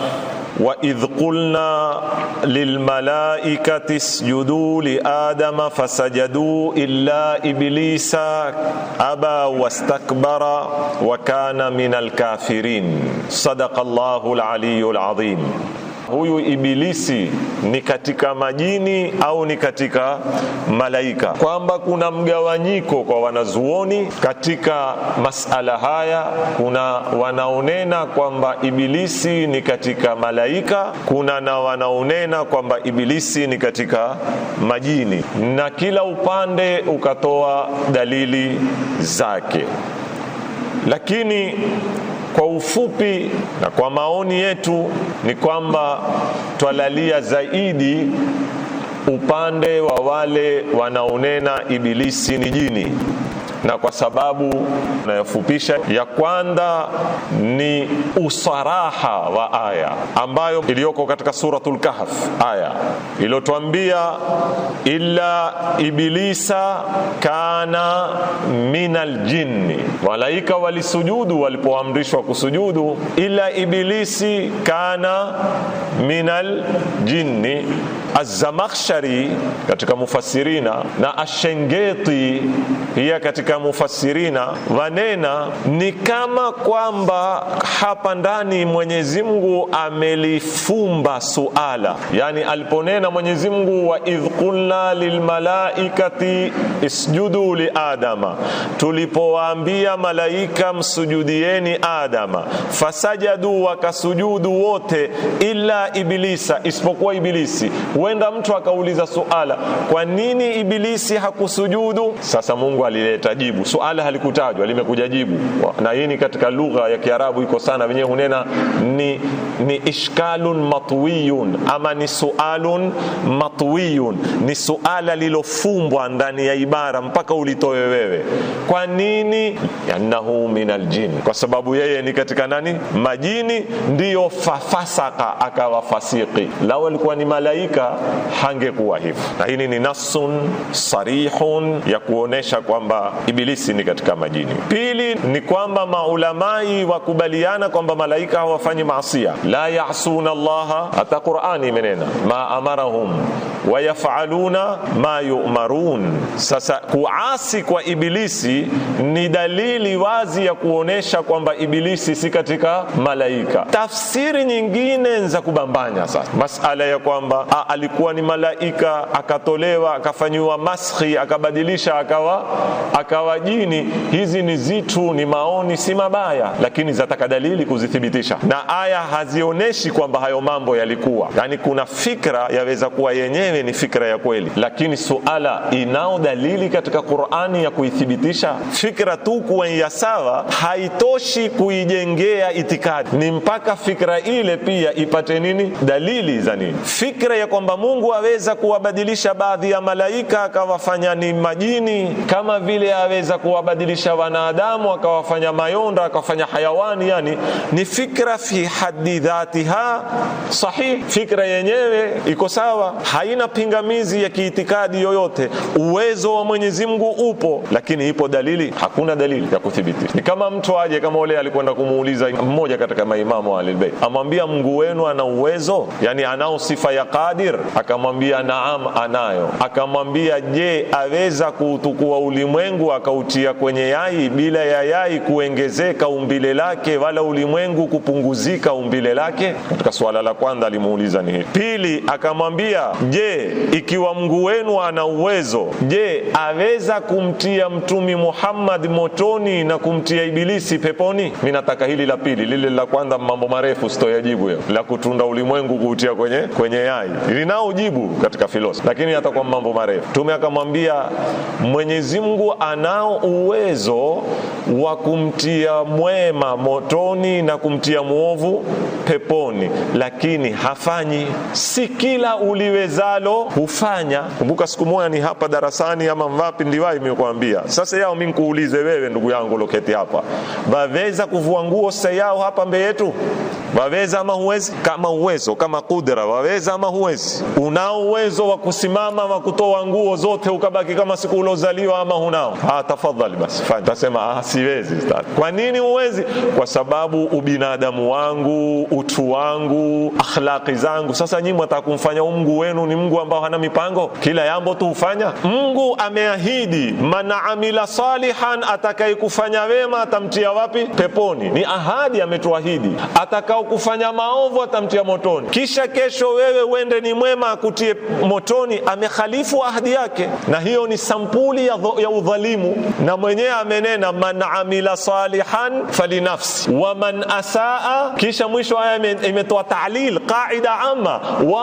وإذ قلنا للملائكة اسجدوا لآدم فسجدوا إلا إبليس أبى واستكبر وكان من الكافرين صدق الله العلي العظيم huyu Ibilisi ni katika majini au ni katika malaika, kwamba kuna mgawanyiko kwa wanazuoni katika masala haya. Kuna wanaonena kwamba Ibilisi ni katika malaika, kuna na wanaonena kwamba Ibilisi ni katika majini, na kila upande ukatoa dalili zake, lakini kwa ufupi na kwa maoni yetu ni kwamba twalalia zaidi upande wa wale wanaonena ibilisi ni jini na kwa sababu nayofupisha ya kwanza ni usaraha wa aya ambayo iliyoko katika Suratul Kahf, aya iliyotuambia illa ibilisa kana minal jinni, malaika walisujudu walipoamrishwa kusujudu, ila ibilisi kana minal jinni Azamakhshari katika mufasirina na Ashengeti hiya katika mufasirina vanena ni kama kwamba hapa ndani Mwenyezi Mungu amelifumba suala, yani aliponena Mwenyezi Mungu wa idh qulna lilmalaikati isjudu li Adama, tulipowaambia malaika msujudieni Adama, fasajadu wakasujudu wote ila Ibilisa, isipokuwa Ibilisi huenda mtu akauliza suala kwa nini ibilisi hakusujudu sasa mungu alileta jibu suala halikutajwa limekuja jibu na hii ni katika lugha ya kiarabu iko sana wenyewe hunena ni, ni ishkalun matwiyun ama ni sualun matwiyun ni suala lilofumbwa ndani ya ibara mpaka ulitoe wewe kwa nini annahu min aljin kwa sababu yeye ni katika nani majini ndiyo fafasaka akawa fasiki alikuwa ni malaika hangekuwa hivyo. Na hili ni nasun sarihun ya kuonesha kwamba ibilisi ni katika majini. Pili ni kwamba maulamai wakubaliana kwamba malaika hawafanyi maasia, la yasuna llaha, hata Qurani imenena ma amarahum wayafaluna ma yumarun. Sasa kuasi kwa ibilisi ni dalili wazi ya kuonesha kwamba ibilisi si katika malaika. Tafsiri nyingine za kubambanya sasa masala ya kwamba alikuwa ni malaika akatolewa akafanyiwa maskhi akabadilisha akawa akawa jini hizi ni zitu ni maoni si mabaya lakini zataka dalili kuzithibitisha na aya hazionyeshi kwamba hayo mambo yalikuwa yani kuna fikra yaweza kuwa yenyewe ni fikra ya kweli lakini suala inao dalili katika qurani ya kuithibitisha fikra tu kuwa ya sawa haitoshi kuijengea itikadi ni mpaka fikra ile pia ipate nini dalili za nini fikra ya kwamba kwamba Mungu aweza kuwabadilisha baadhi ya malaika akawafanya ni majini, kama vile aweza kuwabadilisha wanadamu akawafanya mayonda akawafanya hayawani. Yani ni fikra fi haddi dhatiha sahih, fikra yenyewe iko sawa, haina pingamizi ya kiitikadi yoyote. Uwezo wa Mwenyezi Mungu upo, lakini ipo dalili? Hakuna dalili ya kuthibitisha. Ni kama mtu aje, kama ule alikwenda kumuuliza mmoja katika maimamu wa Ahlul Bait, amwambia Mungu wenu ana uwezo, yani anao sifa ya qadir akamwambia naam, anayo. Akamwambia je, aweza kuutukua ulimwengu akautia kwenye yai bila ya yai kuongezeka umbile lake wala ulimwengu kupunguzika umbile lake? Katika swala la kwanza alimuuliza ni hili. Pili akamwambia je, ikiwa Mungu wenu ana uwezo, je, aweza kumtia Mtumi Muhammad motoni na kumtia Ibilisi peponi? Mi nataka hili la pili, lile la kwanza mambo marefu sitoyajibu, la kutunda ulimwengu kuutia kwenye kwenye yai linao jibu katika filosofi, lakini kwa mambo marefu. Tume akamwambia Mwenyezi Mungu anao uwezo wa kumtia mwema motoni na kumtia mwovu peponi, lakini hafanyi. Si kila uliwezalo hufanya. Kumbuka siku moja ni hapa darasani ama mvapi ndiwai imekuambia. Sasa yao mimi wewe ndugu yangu loketi hapa, waweza kuvua nguo sasa yao hapa mbele yetu? Waweza ama huwezi? Kama uwezo kama kudra, waweza ama huwezi? unao uwezo wa kusimama na kutoa nguo zote ukabaki kama siku uliozaliwa, ama hunao? Ah, tafadhali basi fanya. Utasema ah, siwezi Kwa nini uwezi Kwa sababu ubinadamu wangu, utu wangu, akhlaqi zangu. Sasa nyinyi mtaka kumfanya Mungu wenu ni Mungu ambao hana mipango, kila jambo tu hufanya. Mungu ameahidi, man amila salihan, atakayekufanya wema atamtia wapi? Peponi. Ni ahadi ametuahidi. Atakao kufanya maovu atamtia motoni. Kisha kesho wewe uende ni mwe mwema akutie motoni amekhalifu ahadi yake, na hiyo ni sampuli ya, ya udhalimu. Na mwenyewe amenena man amila salihan falinafsi wa man asaa, kisha mwisho aya imetoa ta'lil qaida amma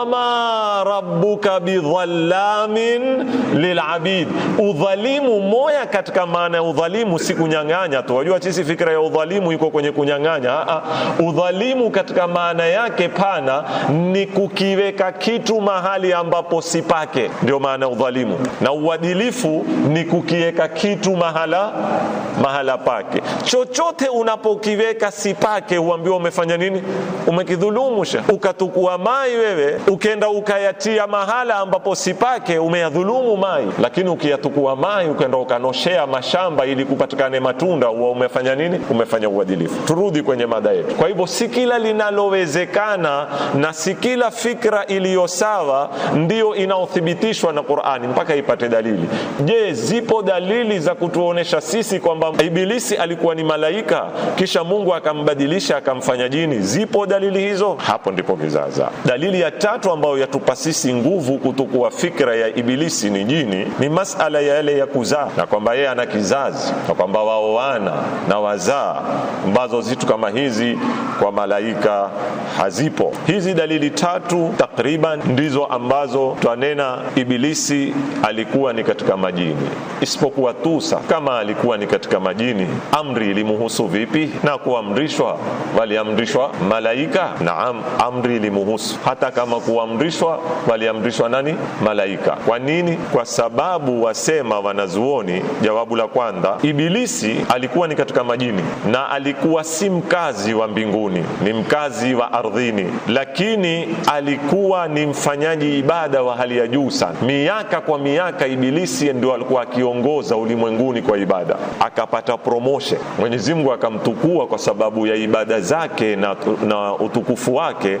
ma rabbuka bidhallamin lilabid. Udhalimu moya katika maana ya udhalimu si kunyang'anya tu. Wajua sisi fikra ya udhalimu iko kwenye kunyang'anya. Udhalimu katika maana yake pana ni kukiweka kitu kitu mahali ambapo si pake, ndio maana udhalimu. Na uadilifu ni kukiweka kitu mahala mahala pake. Chochote unapokiweka si pake, huambiwa umefanya nini? Umekidhulumusha. Ukatukua mai wewe, ukenda ukayatia mahala ambapo si pake, umeyadhulumu mai. Lakini ukiyatukua mai ukenda ukanoshea mashamba ili kupatikane matunda, huwa umefanya nini? Umefanya uadilifu. Turudi kwenye mada yetu. Kwa hivyo si kila linalowezekana na si kila fikra iliyo sawa ndio inaothibitishwa na Qur'ani mpaka ipate dalili. Je, zipo dalili za kutuonesha sisi kwamba Ibilisi alikuwa ni malaika kisha Mungu akambadilisha akamfanya jini? Zipo dalili hizo? Hapo ndipo kizaza. Dalili ya tatu ambayo yatupa sisi nguvu kutokuwa fikra ya Ibilisi ni jini ni masala ya yale ya kuzaa, na kwamba yeye ana kizazi, na kwamba wao wana na wazaa, ambazo zitu kama hizi kwa malaika hazipo. Hizi dalili tatu takriban ndizo ambazo twanena Ibilisi alikuwa ni katika majini, isipokuwa tusa kama alikuwa ni katika majini, amri ilimuhusu vipi? Na kuamrishwa, waliamrishwa malaika. Naam, amri ilimuhusu hata kama kuamrishwa, waliamrishwa nani? Malaika. Kwa nini? Kwa sababu wasema wanazuoni, jawabu la kwanza, Ibilisi alikuwa ni katika majini na alikuwa si mkazi wa mbinguni, ni mkazi wa ardhini, lakini alikuwa ni mfanyaji ibada wa hali ya juu sana. Miaka kwa miaka, Ibilisi ndio alikuwa akiongoza ulimwenguni kwa ibada, akapata promotion. Mwenyezi Mungu akamtukua kwa sababu ya ibada zake na, na utukufu wake,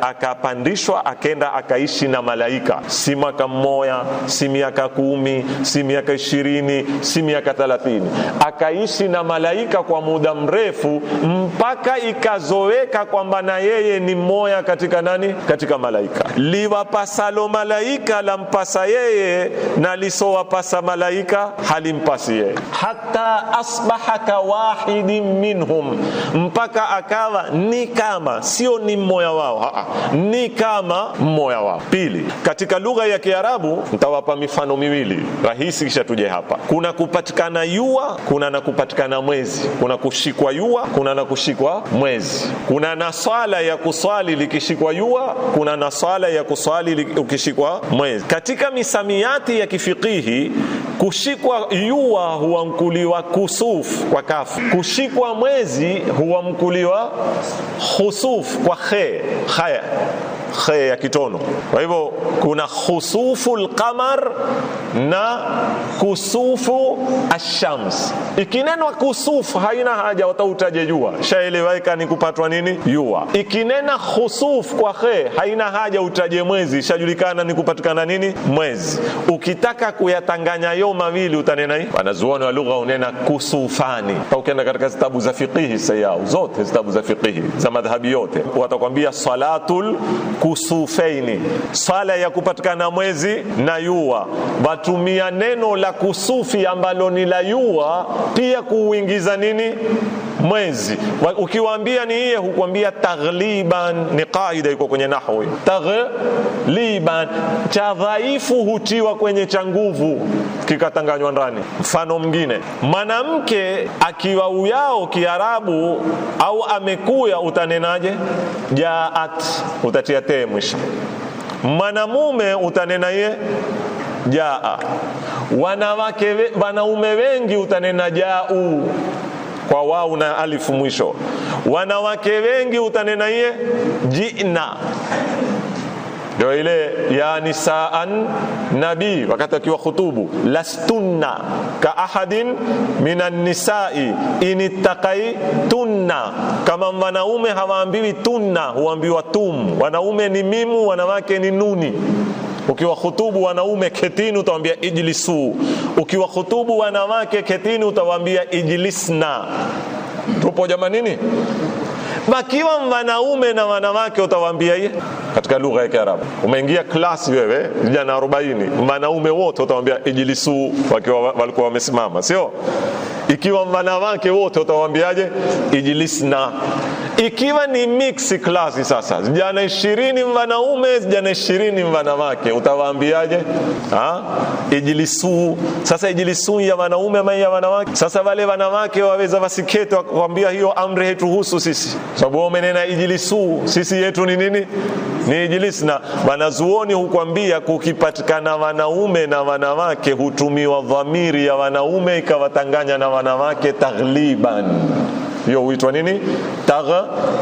akapandishwa aka akenda akaishi na malaika, si mwaka mmoja, si miaka kumi, si miaka ishirini, si miaka thelathini, akaishi na malaika kwa muda mrefu mpaka ikazoweka kwamba na yeye ni mmoja katika nani, katika malaika liwapasalo malaika lampasa yeye na lisowapasa malaika halimpasi yeye. Hata asbaha wahidin minhum, mpaka akawa ni kama, sio ni mmoja wao, ni kama mmoja wao. Pili, katika lugha ya Kiarabu ntawapa mifano miwili rahisi, kisha tuje hapa. Kuna kupatikana yua, kuna na kupatikana mwezi, kuna kushikwa yua, kuna na kushikwa mwezi, kuna na swala ya kuswali likishikwa yua, kuna na swala swala ya kuswali ukishikwa mwezi. Katika misamiati ya kifikihi, kushikwa yua huamkuliwa kusuf kwa kafu, kushikwa mwezi huamkuliwa husuf kwa khe haya khe ya kitono. Kwa hivyo kuna khusufu lqamar na kusufu ashams. Ikinenwa kusufu haina haja watautaje jua, shaeleweka ni kupatwa nini jua. Ikinena khusufu kwa khe haina haja utaje mwezi, shajulikana ni kupatikana nini mwezi. Ukitaka kuyatanganya yo mawili utanena hii, wanazuoni wa lugha unena kusufani. Ukienda katika zitabu za fiqihi sayao zote, zitabu za fiqihi za madhhabi yote watakwambia salatul kusufeini, sala ya kupatikana mwezi na yua. Watumia neno la kusufi ambalo ni la yua pia kuuingiza nini mwezi. Ukiwaambia ni yeye, hukwambia taghliban. Ni kaida iko kwenye nahwi, tagliban cha dhaifu hutiwa kwenye cha nguvu kikatanganywa ndani. Mfano mwingine, mwanamke akiwa uyao Kiarabu au amekuya, utanenaje? Jaat utatia tuletee mwisho mwanamume utanena ye jaa wanawake wanaume wengi utanena jau kwa wau na alifu mwisho wanawake wengi utanena ye jina ndio ile ya nisaan nabi wakati akiwa khutubu lastunna ka ahadin minan nisai tunna kama wanaume hawaambiwi tunna huambiwa tum wanaume ni mimu wanawake ni nuni ukiwa khutubu wanaume ketini utawaambia ijlisu ukiwa khutubu wanawake ketini utawaambia ijlisna tupo jamanini Wakiwa wanaume na wanawake, utawaambia katika lugha ya Kiarabu. Umeingia klasi wewe, vijana 40 wanaume wote, utawaambia ijlisu, wakiwa walikuwa wamesimama, sio? Ikiwa wanawake wote, utawaambiaje? Ijlisna. Ikiwa ni mix klasi sasa, vijana 20 wanaume, vijana 20 wanawake, utawaambiaje? Ah, ijlisu. Sasa ijlisu ya wanaume ama ya wanawake? Sasa wale wanawake waweza wasikete, wakwambia hiyo amri hetu husu sisi sababu wao umenena ijilisu, sisi yetu ni nini? Ni na Wanazuoni hukwambia kukipatikana wanaume na wanawake hutumiwa dhamiri ya wanaume ikawatanganya na wanawake tagliban hiyo huitwa nini? Tag,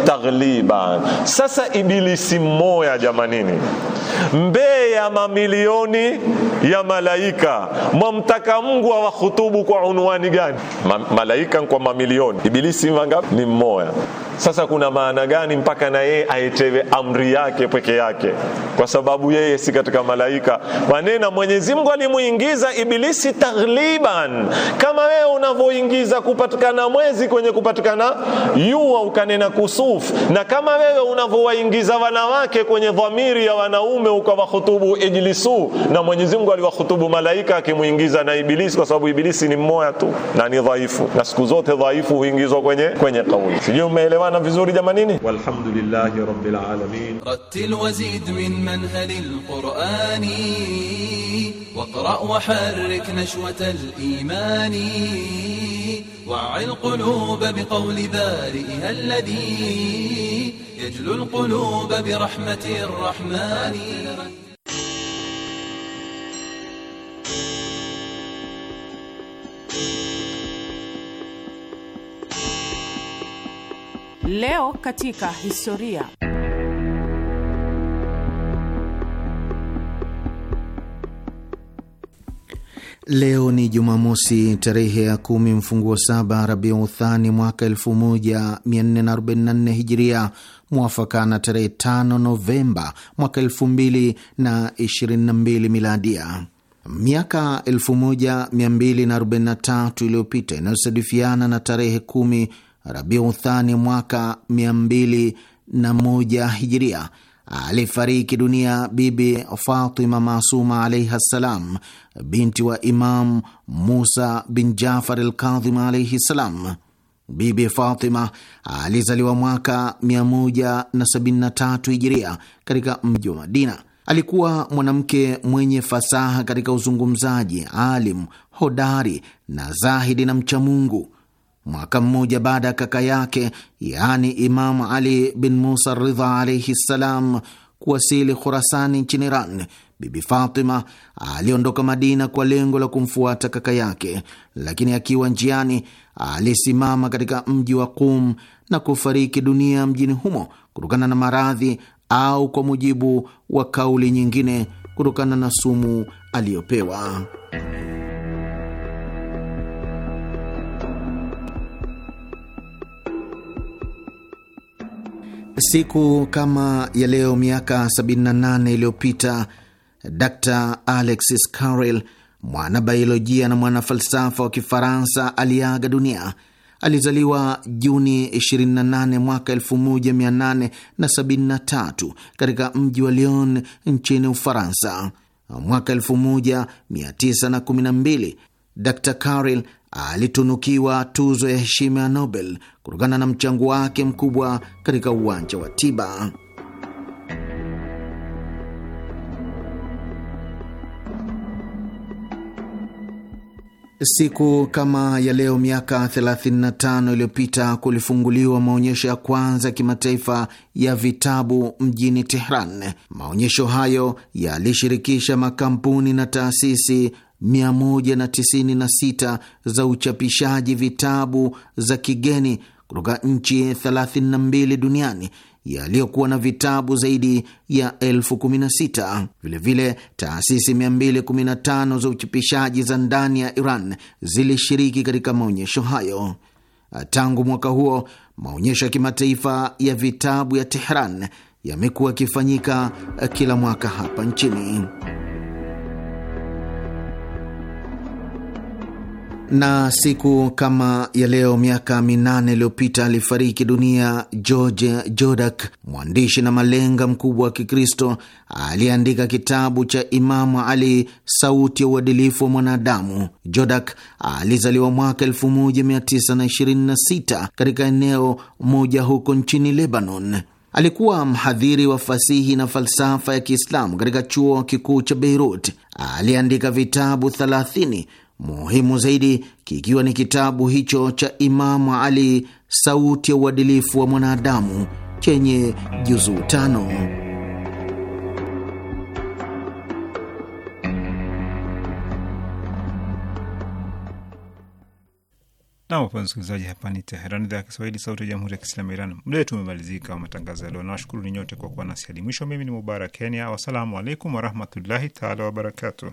tagliban. Sasa ibilisi mmoja jamanini mbee ya mamilioni ya malaika mwamtaka Mungu awahutubu kwa unwani gani? Ma, malaika kwa mamilioni, ibilisi mangapi? Ni mmoya. Sasa kuna maana gani mpaka na yeye aitewe amri yake peke yake, kwa sababu yeye si katika malaika wanena? Mwenyezi Mungu alimuingiza ibilisi tagliban, kama wewe unavyoingiza kupatikana mwezi kwenye kupatikana jua ukanena kusufu, na kama wewe unavyowaingiza wanawake kwenye dhamiri ya wanaume mtume ukawahutubu ijlisu, na Mwenyezi Mungu aliwahutubu malaika akimuingiza na ibilisi, kwa sababu ibilisi ni mmoja tu na ni dhaifu, na siku zote dhaifu huingizwa kwenye kwenye kauli. Sijui umeelewana vizuri jamani, nini? Walhamdulillahi rabbil alamin. Rattil wazid min manhalil qurani waqra waharrik nashwat al-imani وعي القلوب بقول بارئها الذي يجلو القلوب برحمة الرحمن Leo katika historia. Leo ni Jumamosi, tarehe ya kumi mfunguo saba Rabiu Thani mwaka 1444 Hijiria, mwafaka na tarehe 5 Novemba mwaka mbili miladia. Miaka 1243 iliyopita inayosadifiana na tarehe kumi Rabia Uthani mwaka 201 hijiria alifariki dunia Bibi Fatima Masuma alaihi ssalam, binti wa Imam Musa bin Jafar Alkadhim alaihi ssalam. Bibi Fatima alizaliwa mwaka 173 Hijiria katika mji wa Madina. Alikuwa mwanamke mwenye fasaha katika uzungumzaji, alim hodari na zahidi na mchamungu. Mwaka mmoja baada ya kaka yake, yaani Imamu Ali bin Musa Ridha alaihi ssalam, kuwasili Khurasani nchini Iran, Bibi Fatima aliondoka Madina kwa lengo la kumfuata kaka yake, lakini akiwa njiani alisimama katika mji wa Qum na kufariki dunia mjini humo kutokana na maradhi au kwa mujibu wa kauli nyingine kutokana na sumu aliyopewa. Siku kama ya leo miaka 78 iliyopita Dr Alexis Carrel mwanabiolojia na mwanafalsafa wa Kifaransa aliaga dunia. Alizaliwa Juni 28 mwaka 1873 katika mji wa Lyon nchini Ufaransa. Mwaka 1912 Dr Caril alitunukiwa tuzo ya heshima ya Nobel kutokana na mchango wake mkubwa katika uwanja wa tiba. Siku kama ya leo miaka 35 iliyopita kulifunguliwa maonyesho ya kwanza ya kimataifa ya vitabu mjini Tehran. Maonyesho hayo yalishirikisha makampuni na taasisi 196 za uchapishaji vitabu za kigeni kutoka nchi 32 duniani yaliyokuwa na vitabu zaidi ya elfu kumi na sita. Vilevile, taasisi 215 za uchapishaji za ndani ya Iran zilishiriki katika maonyesho hayo. Tangu mwaka huo, maonyesho ya kimataifa ya vitabu ya Tehran yamekuwa yakifanyika kila mwaka hapa nchini. Na siku kama ya leo miaka minane iliyopita alifariki dunia George Jodak, mwandishi na malenga mkubwa wa Kikristo aliyeandika kitabu cha Imamu Ali, sauti ya uadilifu wa mwanadamu. Jodak alizaliwa mwaka 1926 katika eneo moja huko nchini Lebanon. Alikuwa mhadhiri wa fasihi na falsafa ya Kiislamu katika chuo kikuu cha Beirut. Aliandika vitabu 30 muhimu zaidi kikiwa ni kitabu hicho cha Imamu Ali, sauti ya uadilifu wa mwanadamu, chenye juzuu tano. Nam, hapa ni Teheran, idhaa ya Kiswahili, sauti ya jamhuri ya kiislamu Iran. Muda wetu umemalizika wa matangazo ya leo. Nawashukuru ni nyote kwa kuwa nasi hadi mwisho. Mimi ni Mubarak Kenya, wassalamu alaikum warahmatullahi taala wabarakatuh.